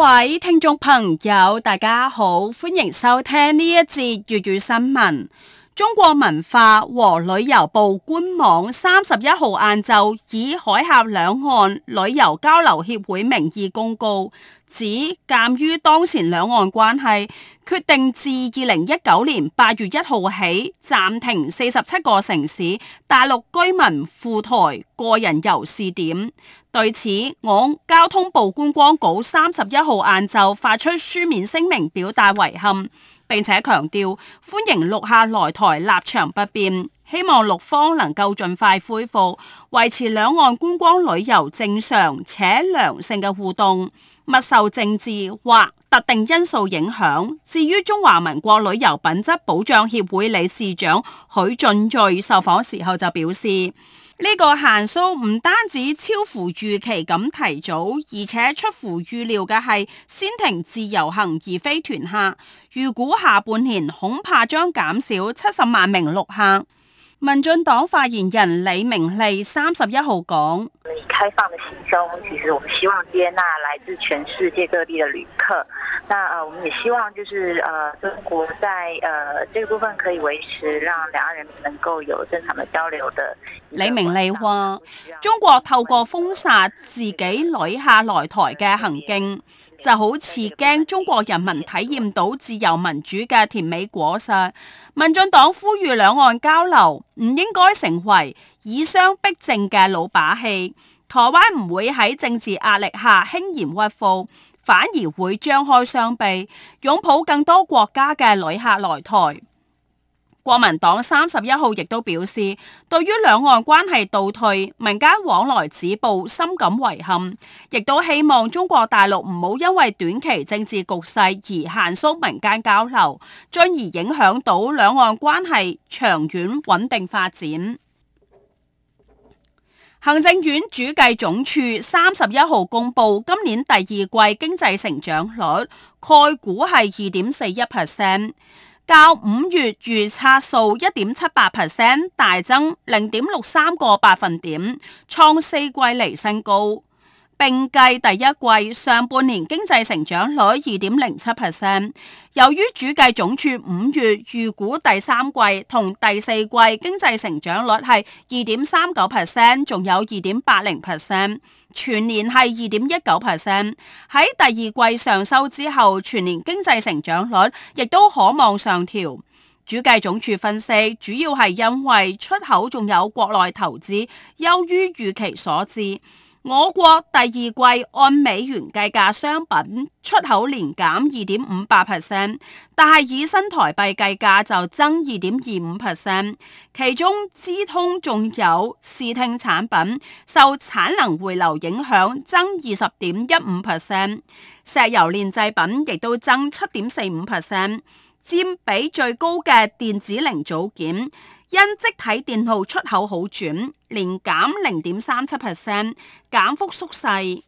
各位聽眾朋友，大家好，歡迎收聽呢一節粵語新聞。中國文化和旅遊部官網三十一號晏晝以海峽兩岸旅遊交流協會名義公告。指鑑於當前兩岸關係，決定自二零一九年八月一號起暫停四十七個城市大陸居民赴台個人遊試點。對此，我交通部觀光局三十一號晏晝發出書面聲明，表達遺憾，並且強調歡迎陸客來台，立場不變。希望陸方能夠盡快恢復，維持兩岸觀光旅遊正常且良性嘅互動。勿受政治或特定因素影響。至於中華民國旅遊品質保障協會理事長許進瑞受訪時候就表示，呢個限縮唔單止超乎預期咁提早，而且出乎預料嘅係先停自由行而非團客。預估下半年恐怕將減少七十萬名陸客。民進黨發言人李明利三十一號講。以開放的心中，其實我們希望接納來自全世界各地嘅旅客。那啊，我們也希望就是呃，中國在呃這部分可以維持，讓兩岸人民能夠有正常的交流的。李明利話，中國透過封殺自己旅下來台嘅行徑，就好似驚中國人民體驗到自由民主嘅甜美果實。民進黨呼籲兩岸交流唔應該成為。以商逼政嘅老把戲，台灣唔會喺政治壓力下輕言屈服，反而會張開雙臂擁抱更多國家嘅旅客來台。國民黨三十一號亦都表示，對於兩岸關係倒退、民間往來止步，深感遺憾，亦都希望中國大陸唔好因為短期政治局勢而限縮民間交流，進而影響到兩岸關係長遠穩定發展。行政院主計總處三十一號公布今年第二季經濟成長率概估，概估係二點四一 percent，較五月預測數一點七八 percent 大增零點六三個百分點，創四季嚟新高。併計第一季上半年經濟成長率二點零七 percent，由於主計總處五月預估第三季同第四季經濟成長率係二點三九 percent，仲有二點八零 percent，全年係二點一九 percent。喺第二季上收之後，全年經濟成長率亦都可望上調。主計總處分析，主要係因為出口仲有國內投資優於預期所致。我國第二季按美元計價商品出口年減二點五八 percent，但係以新台幣計價就增二點二五 percent。其中，資通仲有視聽產品受產能回流影響增二十點一五 percent，石油煉製品亦都增七點四五 percent，占比最高嘅電子零組件。因積體電路出口好轉，年減零點三七 percent，減幅縮細。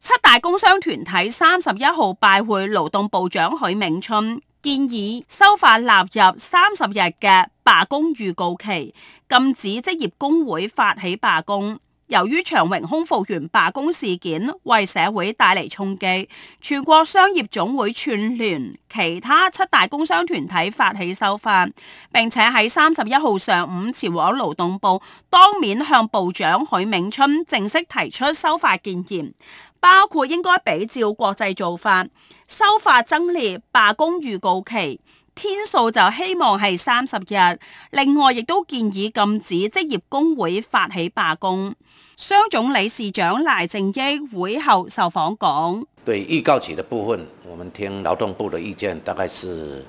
七大工商團體三十一號拜會勞動部長許銘春，建議修法納入三十日嘅罷工預告期，禁止職業工會發起罷工。由於長榮空服員罷工事件為社會帶嚟衝擊，全國商業總會串聯其他七大工商團體發起修法，並且喺三十一號上午前往勞動部當面向部長許銘春正式提出修法建言，包括應該比照國際做法修法，發增列罷工預告期。天數就希望係三十日，另外亦都建議禁止職業工會發起罷工。商總理事長賴正鎰會後受訪講：對預告期的部分，我們聽勞動部的意見，大概是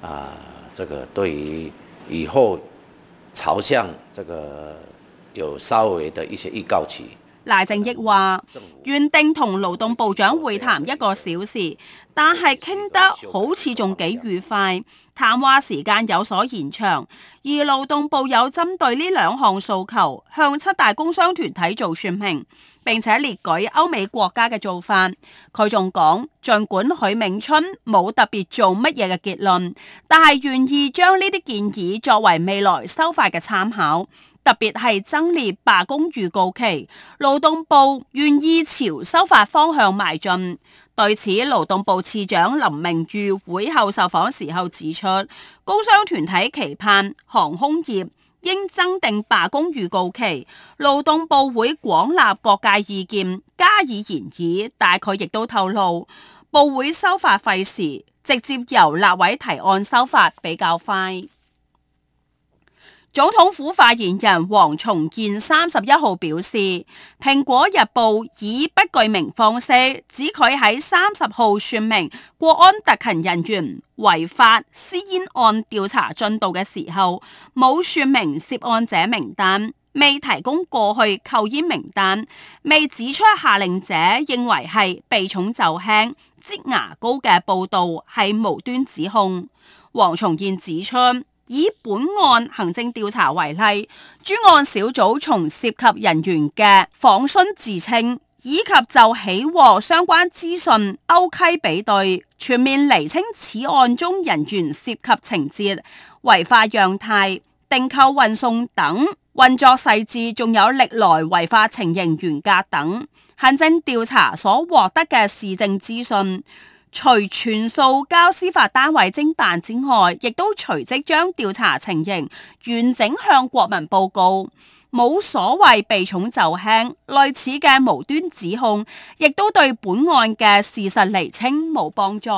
啊、呃，這個對於以後朝向這個有稍微的一些預告期。賴正鎰話原定同勞動部長會談一個小時，但係傾得好似仲幾愉快，談話時間有所延長。而勞動部有針對呢兩項訴求向七大工商團體做說明，並且列舉歐美國家嘅做法。佢仲講，盡管許銘春冇特別做乜嘢嘅結論，但係願意將呢啲建議作為未來修法嘅參考。特別係增列罷工預告期，勞動部願意朝修法方向邁進。對此，勞動部次長林明玉會後受訪時候指出，工商團體期盼航空業應增訂罷工預告期，勞動部會廣納各界意見加以研議。大概亦都透露，部會修法費時，直接由立委提案修法比較快。總統府發言人黃重建三十一號表示，《蘋果日報》以不具名方式指佢喺三十號說明國安特勤人員違法私煙案調查進度嘅時候，冇說明涉案者名單，未提供過去扣煙名單，未指出下令者認為係避重就輕、擠牙膏嘅報道係無端指控。黃重建指出，以本案行政調查為例，專案小組從涉及人員嘅訪詢自稱，以及就起獲相關資訊勾稽、OK、比對，全面厘清此案中人員涉及情節、違法樣態、訂購運送等運作細緻，仲有歷來違法情形、原價等行政調查所獲得嘅事證資訊。除全數交司法單位偵辦之外，亦都隨即將調查情形完整向國民報告，冇所謂避重就輕。類似嘅無端指控，亦都對本案嘅事實釐清冇幫助。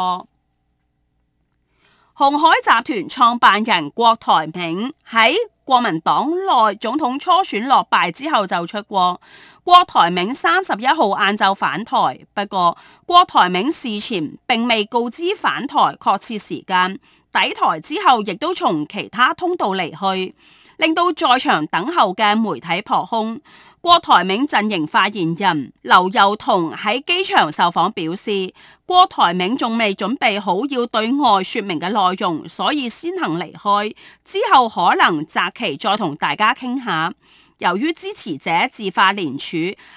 紅海集團創辦人郭台銘喺國民黨內總統初選落敗之後就出國。郭台銘三十一號晏晝返台，不過郭台銘事前並未告知返台確切時間。抵台之後亦都從其他通道離去，令到在場等候嘅媒體破空。郭台銘陣營發言人劉幼彤喺機場受訪表示，郭台銘仲未準備好要對外說明嘅內容，所以先行離開，之後可能擇期再同大家傾下。由於支持者自發聯署，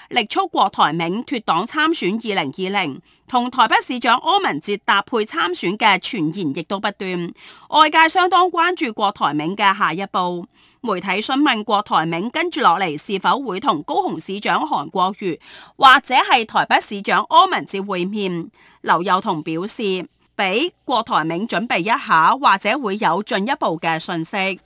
力促郭台銘脫黨參選二零二零同台北市長柯文哲搭配參選嘅傳言亦都不斷，外界相當關注郭台銘嘅下一步。媒體詢問郭台銘跟住落嚟是否會同高雄市長韓國瑜或者係台北市長柯文哲會面，劉幼彤表示俾郭台銘準備一下，或者會有進一步嘅信息。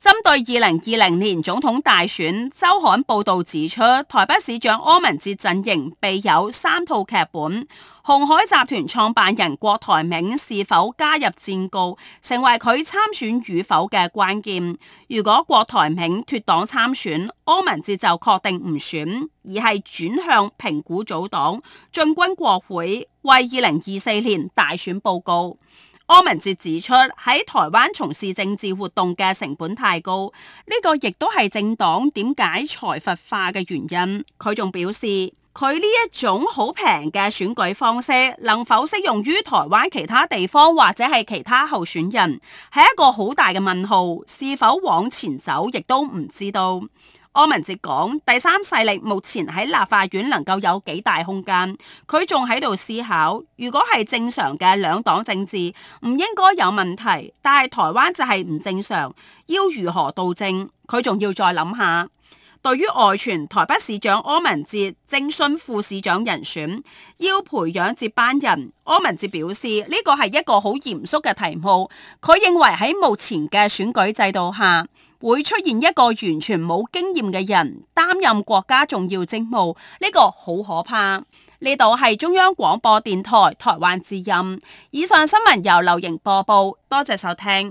針對二零二零年總統大選，周刊報道指出，台北市長柯文哲陣營備有三套劇本。鴻海集團創辦人郭台銘是否加入戰告，成為佢參選與否嘅關鍵。如果郭台銘脱黨參選，柯文哲就確定唔選，而係轉向評估組黨，進軍國會，為二零二四年大選報告。柯文哲指出，喺台灣從事政治活動嘅成本太高，呢個亦都係政黨點解財閥化嘅原因。佢仲表示，佢呢一種好平嘅選舉方式，能否適用於台灣其他地方或者係其他候選人，係一個好大嘅問號。是否往前走，亦都唔知道。柯文哲講：第三勢力目前喺立法院能夠有幾大空間？佢仲喺度思考，如果係正常嘅兩黨政治，唔應該有問題，但係台灣就係唔正常，要如何導正？佢仲要再諗下。對於外傳台北市長柯文哲徵詢副市長人選，要培養接班人，柯文哲表示呢、這個係一個好嚴肅嘅題目。佢認為喺目前嘅選舉制度下，會出現一個完全冇經驗嘅人擔任國家重要職務，呢、這個好可怕。呢度係中央廣播電台台灣之音，以上新聞由劉瑩播報，多謝收聽。